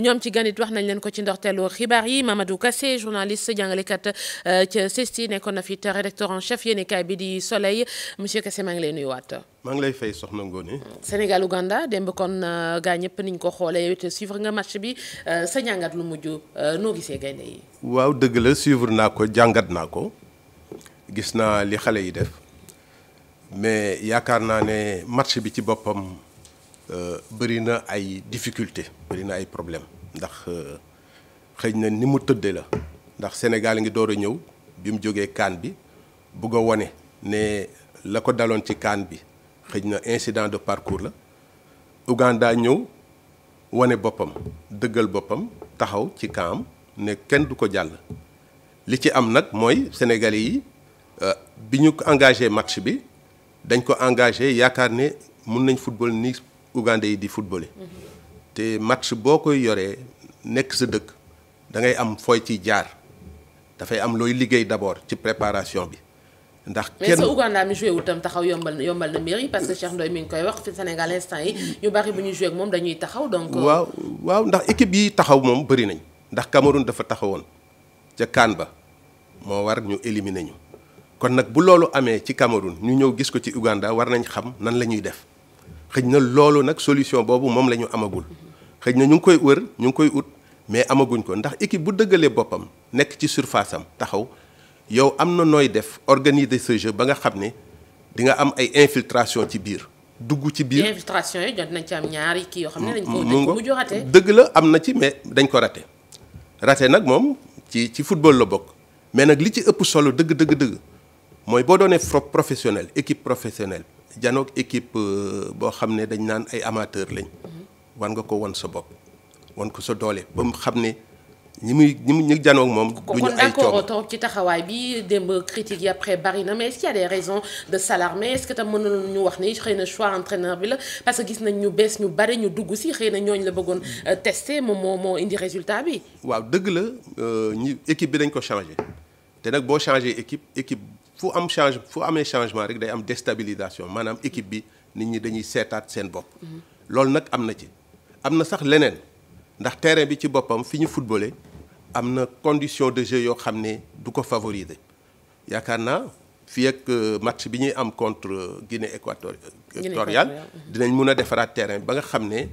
ñoom ci ganit wax nañ leen ko ci ndorteelu xibaar yi Mamadou Kassé journaliste jàngalekat euh, ca CESTI nekkoon na fi rédacteur en chef yéenekaay bi di Soleil monsieur Kassé maa ngi lay nuyuwaat. maa ngi lay fay soxna Ngoné. Sénégal Ouganda démb kon euh, gaa ñëpp niñ ko xoolee yow te suivre nga match bi euh, sa njàngat lu mujj noo gisee gaynde yi. waaw dëgg la suivre naa ko jàngat naa ko gis naa li xale yi def mais yaakaar naa ne match bi ci boppam. Euh, bëri na ay difficulté bëri na ay problème ndax euh, xëy na ni mu tëddee la ndax Sénégal ngi door a ñëw bi mu jógee kaan bi bugg a wane ne la ko daloon ci kaan bi xëy na incident de parcours la Ouganda ñëw wane boppam dëggal boppam taxaw ci kaam ne kenn du ko jàll li ci am nag mooy sénégal yi euh, bi ñu engagé match bi dañ ko engagé yaakaar ne mun nañ football ni Ougandais yi di footballé te match boo koy yoree nekk sa dëkk da ngay am fooy ci jaar dafay am looy liggéey d'abord ci préparation bi ndax kenn mais sa Ouganda mi taxaw yombal yombal na mbir yi parce que Cheikh Ndoye mi ngi koy wax fi senegal instant yi ñu bari bu ñu joué moom dañuy taxaw donc. Euh, waaw waaw ndax équipe yi taxaw moom bëri nañ ndax Cameroun dafa taxawoon ca kaan ba moo war ñu éliminer ñu kon nag bu loolu amee ci Cameroun ñu ñëw gis ko ci uganda war nañ xam nan la ñuy def. xëj na loolu nag solution boobu moom la ñu amagul xëj na ñu ngi koy wër ñu ngi koy ut mais amaguñ ko ndax équipe bu dëggalee boppam nekk ci surface am taxaw yow am na nooy def organiser ce jeu ba nga xam ne di nga am ay infiltration ci biir dugg ci biir infiltration yi jot nañ ci am ñaari kii yoo xam ne mm, dañ ko dañ ko dëgg la am na ci mais dañ ko raté raté nag moom ci ci football la bokk mais nag li ci ëpp solo dëgg dëgg dëgg mooy boo doonee professionnel équipe professionnelle janoog équipe euh, boo xam ne dañ naan ay amateur lañ war nga ko won sa bopp won ko sa doolee ba mu xam ne ñi muy ñi mu ñu janoog moom. du ñu ay coono ci taxawaay bi démb critique yi après bari na mais est-ce qu'il y a des raisons de s'alarmer est-ce que ñu wax ni xëy na choix entraîneur bi la parce que gis nañ ñu bees ñu bare ñu dugg si xëy na ñooñu la bëggoon euh, testé moom moo moo indi résultat bi. waaw dëgg la euh, ñu équipe bi dañ ko changé te nag boo changé fu am change fu amee changement rek day am déstabilisation maanaam équipe bi nit ñi dañuy seetaat seen bopp. loolu nag am na ci am na sax leneen ndax terrain bi ci boppam fi ñu footballé am na condition de jeu yoo xam ne du ko favoriser yaakaar naa fii ak euh, match bi ñuy am contre euh, Guinée euh, équatoriale dinañ mun a defaraat terrain ba nga xam ne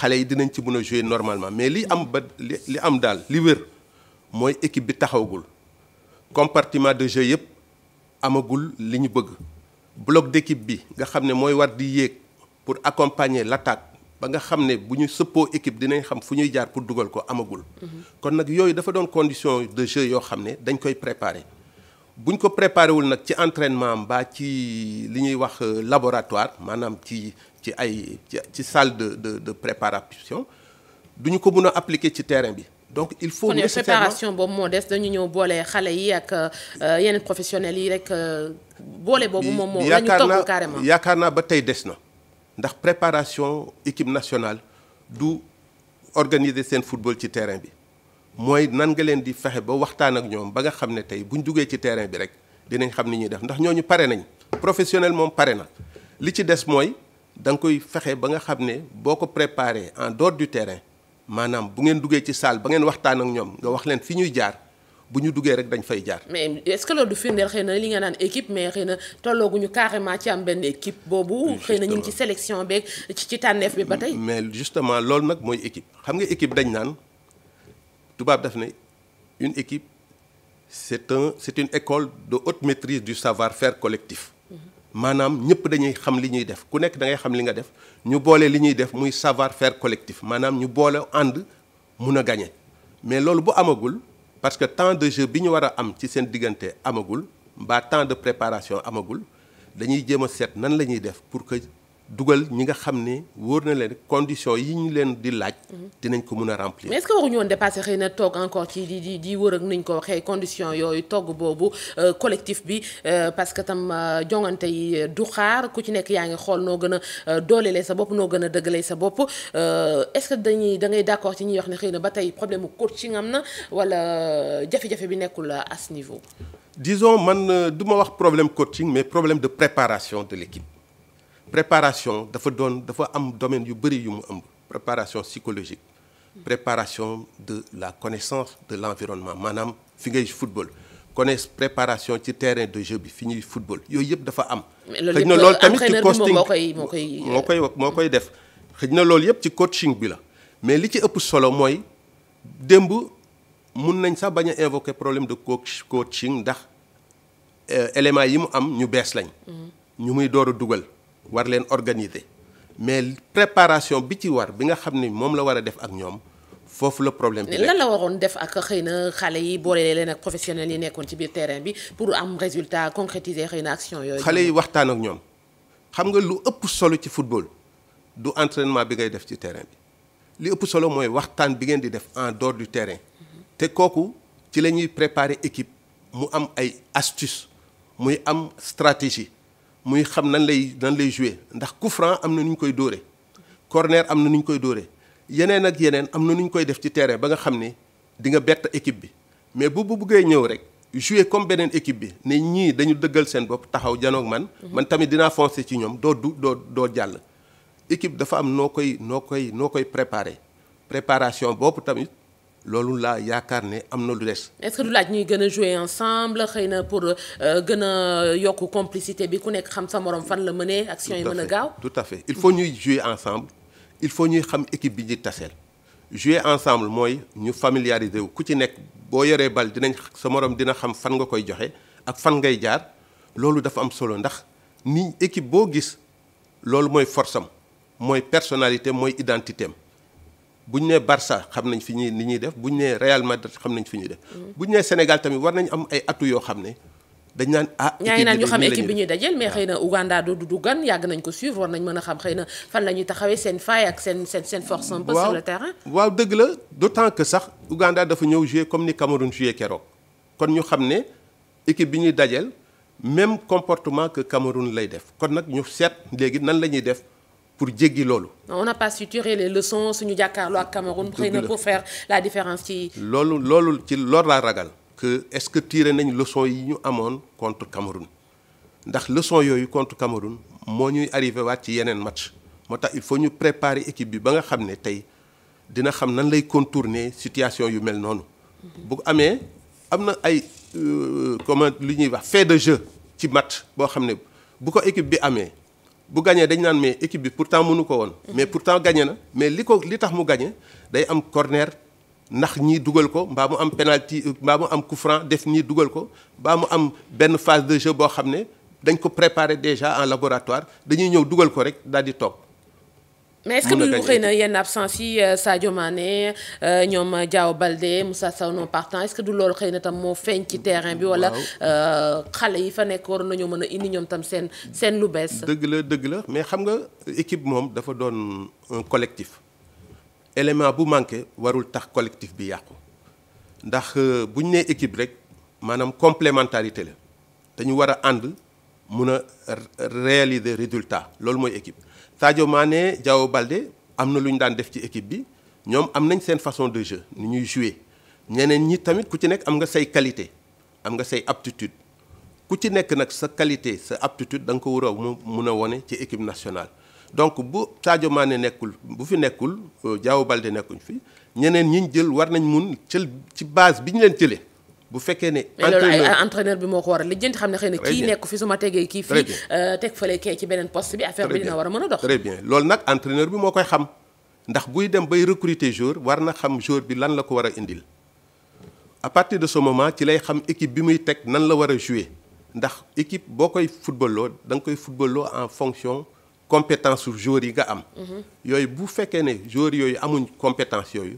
xale yi dinañ ci mun a jouer normalement mais li am ba li am daal li wér mooy équipe bi taxawgul compartiment de jeu yëpp. amagul li ñu bëgg bloc d'équipe bi nga xam ne mooy war di yéeg pour accompagner l'attaque ba nga xam ne bu ñu sëppoo équipe dinañ xam fu ñuy jaar pour dugal ko amagul. Mhm. kon nag yooyu dafa doon condition de jeu yoo xam ne dañ koy préparer buñ ko préparé wul nag ci entrainement mbaa ci li ñuy wax euh, laboratoire maanaam ci ci ay ci salle de de de préparation duñu ko mën a appliquer ci terrain bi. donc il faut. nécessairement préparation boobu moo des dañu ñëw boole xale yi ak euh, yeneen professionnels yi rek euh, boole boobu moom moo. la ñu togg carrément yaakaar naa ba tey des na ndax préparation équipe nationale du organiser seen football ci terrain bi mooy nan nga leen di fexe ba waxtaan ak ñoom ba nga xam ne tey buñ duggee ci terrain bi rek dinañ xam ni ñuy def ndax ñooñu pare nañ professionnel moom pare na li ci des mooy da nga koy fexe ba nga xam ne boo ko préparer en dehors du terrain. maanaam bu ngeen duggee ci salle ba ngeen waxtaan ak ñoom nga wax leen fi ñuy jaar bu ñu duggee rek dañ fay jaar. mais est-ce que du firndeel xëy na li nga naan équipe mais xëy na tollooguñu carrément ci am benn équipe boobu. xëy na ñu ci sélection beeg ci ci tànneef bi ba tey. mais justement loolu nag mooy équipe xam nga équipe dañ naan tubaab daf ne une équipe c'est un c'est une école de haute maîtrise du savoir-faire collectif. maanaam ñëpp dañuy xam li ñuy def ku nekk da ngay xam li nga def ñu boole li ñuy def muy savoir faire collectif maanaam ñu boole ànd mun a gañe mais loolu bu amagul parce que temps de jeu bi ñu war a am ci seen diggante amagul mbaa temps de préparation amagul dañuy jéem a seet nan la ñuy def pour que dugal ñi nga xam ne wóor na leen conditions yi ñu leen di laaj. dinañ ko mun a remplir. mais est-ce que waruñu woon dépassé xëy na toog encore ci di di di wër ak nañ ko waxee conditions yooyu togg boobu euh, collectif bi euh, parce que tam euh, jongante yi du xaar ku ci nekk yaa ngi xool noo gën a doolelee sa bopp noo gën a dëggalee sa bopp est-ce que dañuy da ngay d'accord ci ñuy wax ne xëy na ba tey problème mu coaching am na wala jafe-jafe bi nekkul à ce niveau. disons man du ma wax problème coaching problème de préparation de préparation dafa doon dafa am domaine yu bëri yu mu ëmb préparation psychologique préparation de la connaissance de l'environnement maanaam fi ngay football connaisse préparation ci terrain de jeu bi fi ñuy football yooyu yëpp dafa am. xëy na lool tamit ci coaching moo koy moo koy koy def xëy na loolu yëpp ci coaching bi la mais li ci ëpp solo mooy démb mun nañ sax bañ a invoquer problème de coach coaching ndax euh, éléments yi mu am ñu bees lañ. Mm-hmm. ñu muy door a dugal. war leen organiser mais préparation bi ci war bi nga xam ni moom la war a def ak ñoom foofu la problème bi lan la waroon def ak xëy na xale yi boole leen ak professionnels yi nekkoon ci biir terrain bi pour am résultat concrétiser xëy na action yooyu. xale yi waxtaan ak ñoom xam nga lu ëpp solo ci football du entraînement bi ngay def ci terrain bi li ëpp solo mooy waxtaan bi ngeen di def en dehors du terrain. te kooku ci la ñuy préparer équipe mu am ay astuces muy am stratégie. muy xam nan lay nan lay jouer ndax coup am na nu ñu koy dóore corner am na nu ñu koy dóore yeneen ak yeneen am na nu ñu koy def ci terrain ba nga xam ni di nga bett équipe bi mais bu bu buggee ñëw rek jouer comme beneen équipe bi ne ñii dañu dëggal seen bopp taxaw janoog man mhm. man tamit dinaa foncer ci ñoom doo du doo doo jàll équipe dafa am noo koy noo koy noo koy préparer préparation boobu tamit loolu laa yaakaar ne am na lu des. est-ce que du laaj ñuy gën a jouer ensemble xëy na pour euh, gën a yokk complicité bi ku nekk xam sa morom fan la mënee. action yi mën a gaaw tout à fait il faut ñuy jouer ensemble. il faut ñuy xam équipe bi ñuy taseel. jouer ensemble mooy ñu familiariser wu ku ci nekk boo yoree bale dinañ sa moroom dina xam fan nga koy joxe ak fan ngay jaar loolu dafa am solo ndax ni équipe boo gis loolu mooy force am mooy personnalité mooy identité am bu ñu nee Barça xam nañ fi ñuy ni ñuy def bu ñu nee Real Madrid xam nañ fi ñuy def. Mm. bu ñu nee Sénégal tamit war nañ am ay atu yoo xam ne dañ naan ah. ñaa ngi naan ñu xam équipe bi ñuy dajeel mais xëy na Ouganda du du gan yàgg nañ ko suivre nañ mën a xam xëy na fan la ñuy taxawee seen faille ak seen seen seen force un peu sur le terrain. waaw dëgg la d'autant que sax Ouganda dafa ñëw jouer comme ni Cameroun jouer keroog kon ñu xam ne équipe bi ñuy dajeel même comportement que Cameroun lay def kon nag ñu seet léegi nan la ñuy def pour jéggi loolu. on n'a pas su tirer les suñu jàkkaarloo ak Cameroun. xëy na différence ci. loolu loolu ci loolu laa ragal. que est-ce que tiré nañ leçon yi ñu amoon contre Cameroun ndax leçon yooyu contre Cameroun moo ñuy arriver waat ci yeneen match moo tax il faut ñu préparer équipe bi ba nga xam ne tey dina xam nan lay contourner situation yu mel noonu. bu amee am na ay euh, comment lu ñuy wax fait de jeu ci match boo xam ne bu ko équipe bi amee. bu gagné dañ naan mais équipe bi pourtant mënu ko woon. Mhm. mais pourtant gagné na mais li ko li tax mu gagné day am corner ndax ñii dugal ko mbaa mu am penalty mbaa mu am coup def ñii dugal ko mbaa mu am benn phase de jeu boo xam ne dañ ko préparer déjà en laboratoire dañuy ñëw dugal ko rek daal di toog. mais est-ce que xëy na yenn absence yi euh, Sadio Mané euh, ñoom euh, Diao Baldé Moussa Sow non partant est-ce du loolu xëy na tam moo feeñ ci terrain bi. wala xale yi fa nekk war nañoo mën a indi tam seen seen lu bees. dëgg la dëgg la mais xam nga équipe moom dafa doon collectif élément bu manqué warul tax collectif bi yàqu ndax bu ñu nee équipe rek maanaam complémentarité la dañu war a ànd mun a réaliser résultat loolu mooy équipe. Sadio Mané Diao Baldé am na lu ñu daan def ci équipe bi ñoom am nañ seen façon de jeu ni ñuy jouer ñeneen ñi tamit ku ci nekk am nga say qualité am nga say aptitude ku ci nekk nag sa qualité sa aptitude da nga ko war mu mun a wone ci équipe nationale. donc bu Sadio Mané nekkul bu fi nekkul Diao euh, Baldé nekkuñ fi ñeneen ñi ñu jël war nañ mun jël ci base bi ñu leen jëlee. bu fekkee ne. entraîneur bi moo ko war a lijjanti xam ne xëy na kii nekk fi su tegee kii fii. Euh, teg fële kee ci beneen poste bi affaire bi dina war a mën a dox. très bien loolu nag entraîneur bi moo koy xam ndax buy dem bay recruter joueur war na xam jour bi lan la ko war a indil à partir de ce ci lay xam équipe bi muy teg nan la war a jouer ndax équipe boo koy footballoo da nga koy footballoo en fonction compétence su joueur yi nga am. Mhm. yooyu bu fekkee ne joueur yooyu amuñ compétence yooyu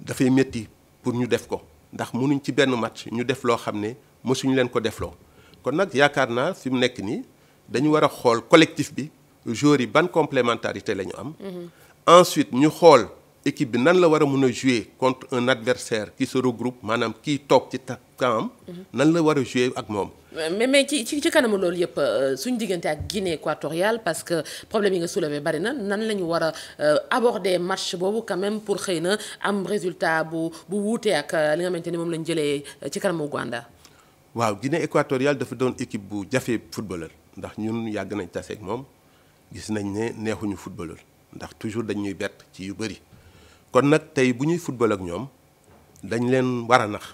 dafay métti pour ñu def ko. ndax mënuñ ci benn match ñu def loo xam ne mësuñu leen ko defloo kon nag yaakaar naa fi mu nekk nii dañu war a xool collectif bi joueurs yi ban complémentarité la ñu am. Mm-hmm. ensuite ñu xool. équipe bi nan la war a mun a jouer contre un adversaire qui se regroupe maanaam kii toog ci kanam. Mhm. nan la war a jouer ak moom. mais mais ci ci kanamu loolu yëpp euh, suñ diggante ak Guinée équatoriale parce que problème yi nga soulevé bari na nan la ñu war a euh, aborder match boobu quand pour xëy na am résultat bu bu wuute ak euh, li nga xamante ni moom lañ jëlee ci kanamu Ouganda. waaw Guinée équatoriale dafa doon équipe bu jafee footballeur ndax ñun yàgg nañ tase moom gis nañ ne neexuñu footballeur ndax toujours dañuy bett ci yu bëri. kon nag tey bu ñuy football ak ñoom dañ leen war a nax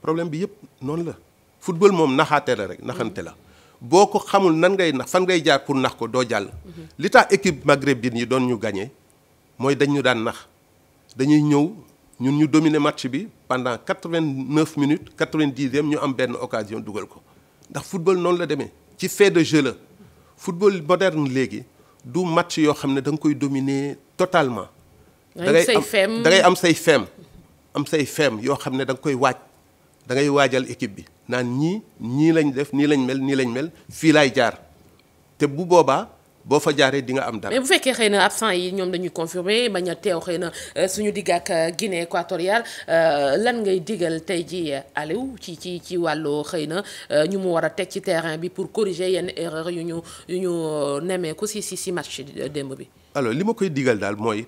problème bi yëpp noonu la football moom naxaate la rek naxante la boo ko xamul nan ngay nax fan ngay jaar pour nax ko doo jàll. Mm-hmm. li tax équipe maghrébine yi doon ñu gañee mooy dañ ñu daan nax dañuy ñëw ñun ñu dominer match bi pendant quatre-vingt-neuf minutes quatre-vingt-dixième ñu am benn occasion dugal ko ndax football noonu la demee ci fait de jeu la football moderne léegi du match yoo xam ne da nga koy dominer totalement. da ngay am am say feem am say feem yoo xam ne danga koy waaj dangay waajal équipe bi naan ñii ñii lañ def nii lañ mel nii lañ mel fii laay jaar te bu boobaa boo fa jaaree di nga am dara. mais bu fekkee xëy na absent yi ñoom dañuy confirmer bañ a teew xëy na euh, suñu digg ak euh, Guinée équatoriale euh, lan ngay digal tey ji Aliou ci ci ci wàllu xëy na ñu mu war a teg ci terrain bi pour corriger yenn erreur yu ñu yu ñu nemmeeku si si si match démb bi. alors li ma koy digal daal mooy.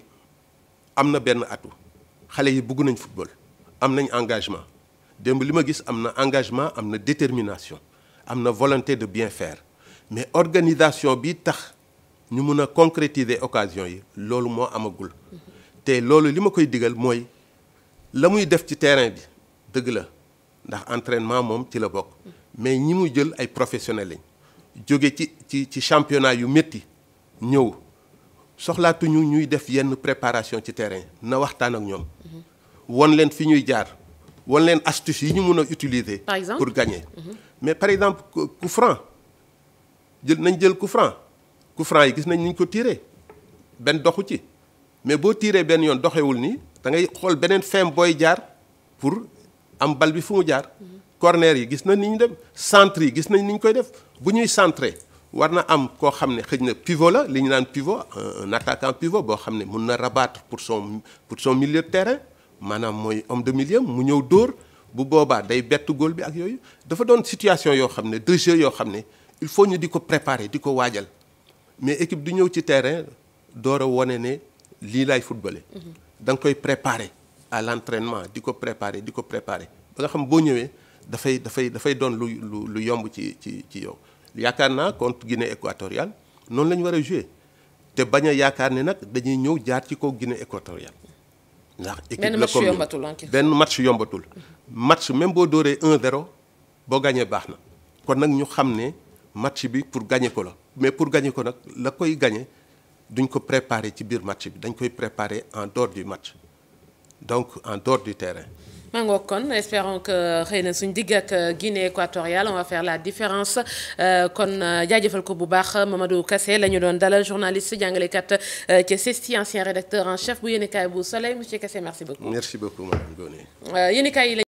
am na benn atu xale yi bugg nañ football am nañu engagement démb li ma gis am na engagement am na détermination am na volonté de bien fair mais organisation bi tax ñu mun a concrétiser occasion yi loolu moo amagul te loolu li ma koy digal mooy la muy def ci terrain bi dëgg la ndax entraînement moom ci la bokk mais ñi mu jël ay professionnels lañ jóge ci ci ci championnat yu métti ñëw soxlaatuñu ñuy def yenn préparation ci terrain na waxtaan ak ñoom won leen fi ñuy jaar won leen astuce yi ñu mun a utiliser par exemple pour gagner mhm. mais par exemple coup franc jël nañ jël coup franc coup franc yi gis nañ niñ ko tiré benn doxu ci mais boo tiré benn yoon doxewul nii da ngay xool beneen fin booy jaar pour am bal bi fu mu jaar mhm. corner yi gis nañ ni ñu dem centre yi gis nañ ni ñu koy def bu ñuy centré war na am koo xam ne xëj na pivot la li ñu naan pivot un attaquant pivot boo xam ne mun na rabattre pour son pour son milieu de terrain maanaam mooy homme de milieu mu ñëw dóor bu boobaa day bett gol bi ak yooyu dafa doon situation yoo xam ne de jeu yoo xam ne il faut ñu di ko préparer di ko waajal mais équipe du ñëw ci terrain door a wane ne lii laay footballé mm-hmm. da nga koy préparer à l'entraînement di ko préparer di ko préparer ba nga xam boo ñëwee dafay dafay dafay doon lu lu lu yomb ci ci ci yow yaakaar naa contre Guinée équatoriale noonu la ñu war a joué te bañ a yaakaar ni nag dañuy ñëw jaar ci kaw Guinée équatoriale. ndax équipe la comme benn match yombatul match même boo dooree 1-0 boo gagné baax na kon nag ñu xam ne match bi pour gagné ko la mais pour gañee ko nag la koy gagné duñ ko préparer ci biir match bi dañ koy préparer en dehors du match donc en dehors du terrain. mango kon espérons que xëy na suñ digg ak euh, Guinée équatoriale on va faire la différence euh, kon euh, jaajafal ko bu baax Mamadou kase la ñu doon dalal journaliste jàngalekat ci CESTI ancien rédacteur en chef bu yéenekaay bu Soleil monsieur Kassé merci beaucoup. merci beaucoup madame Ngoné.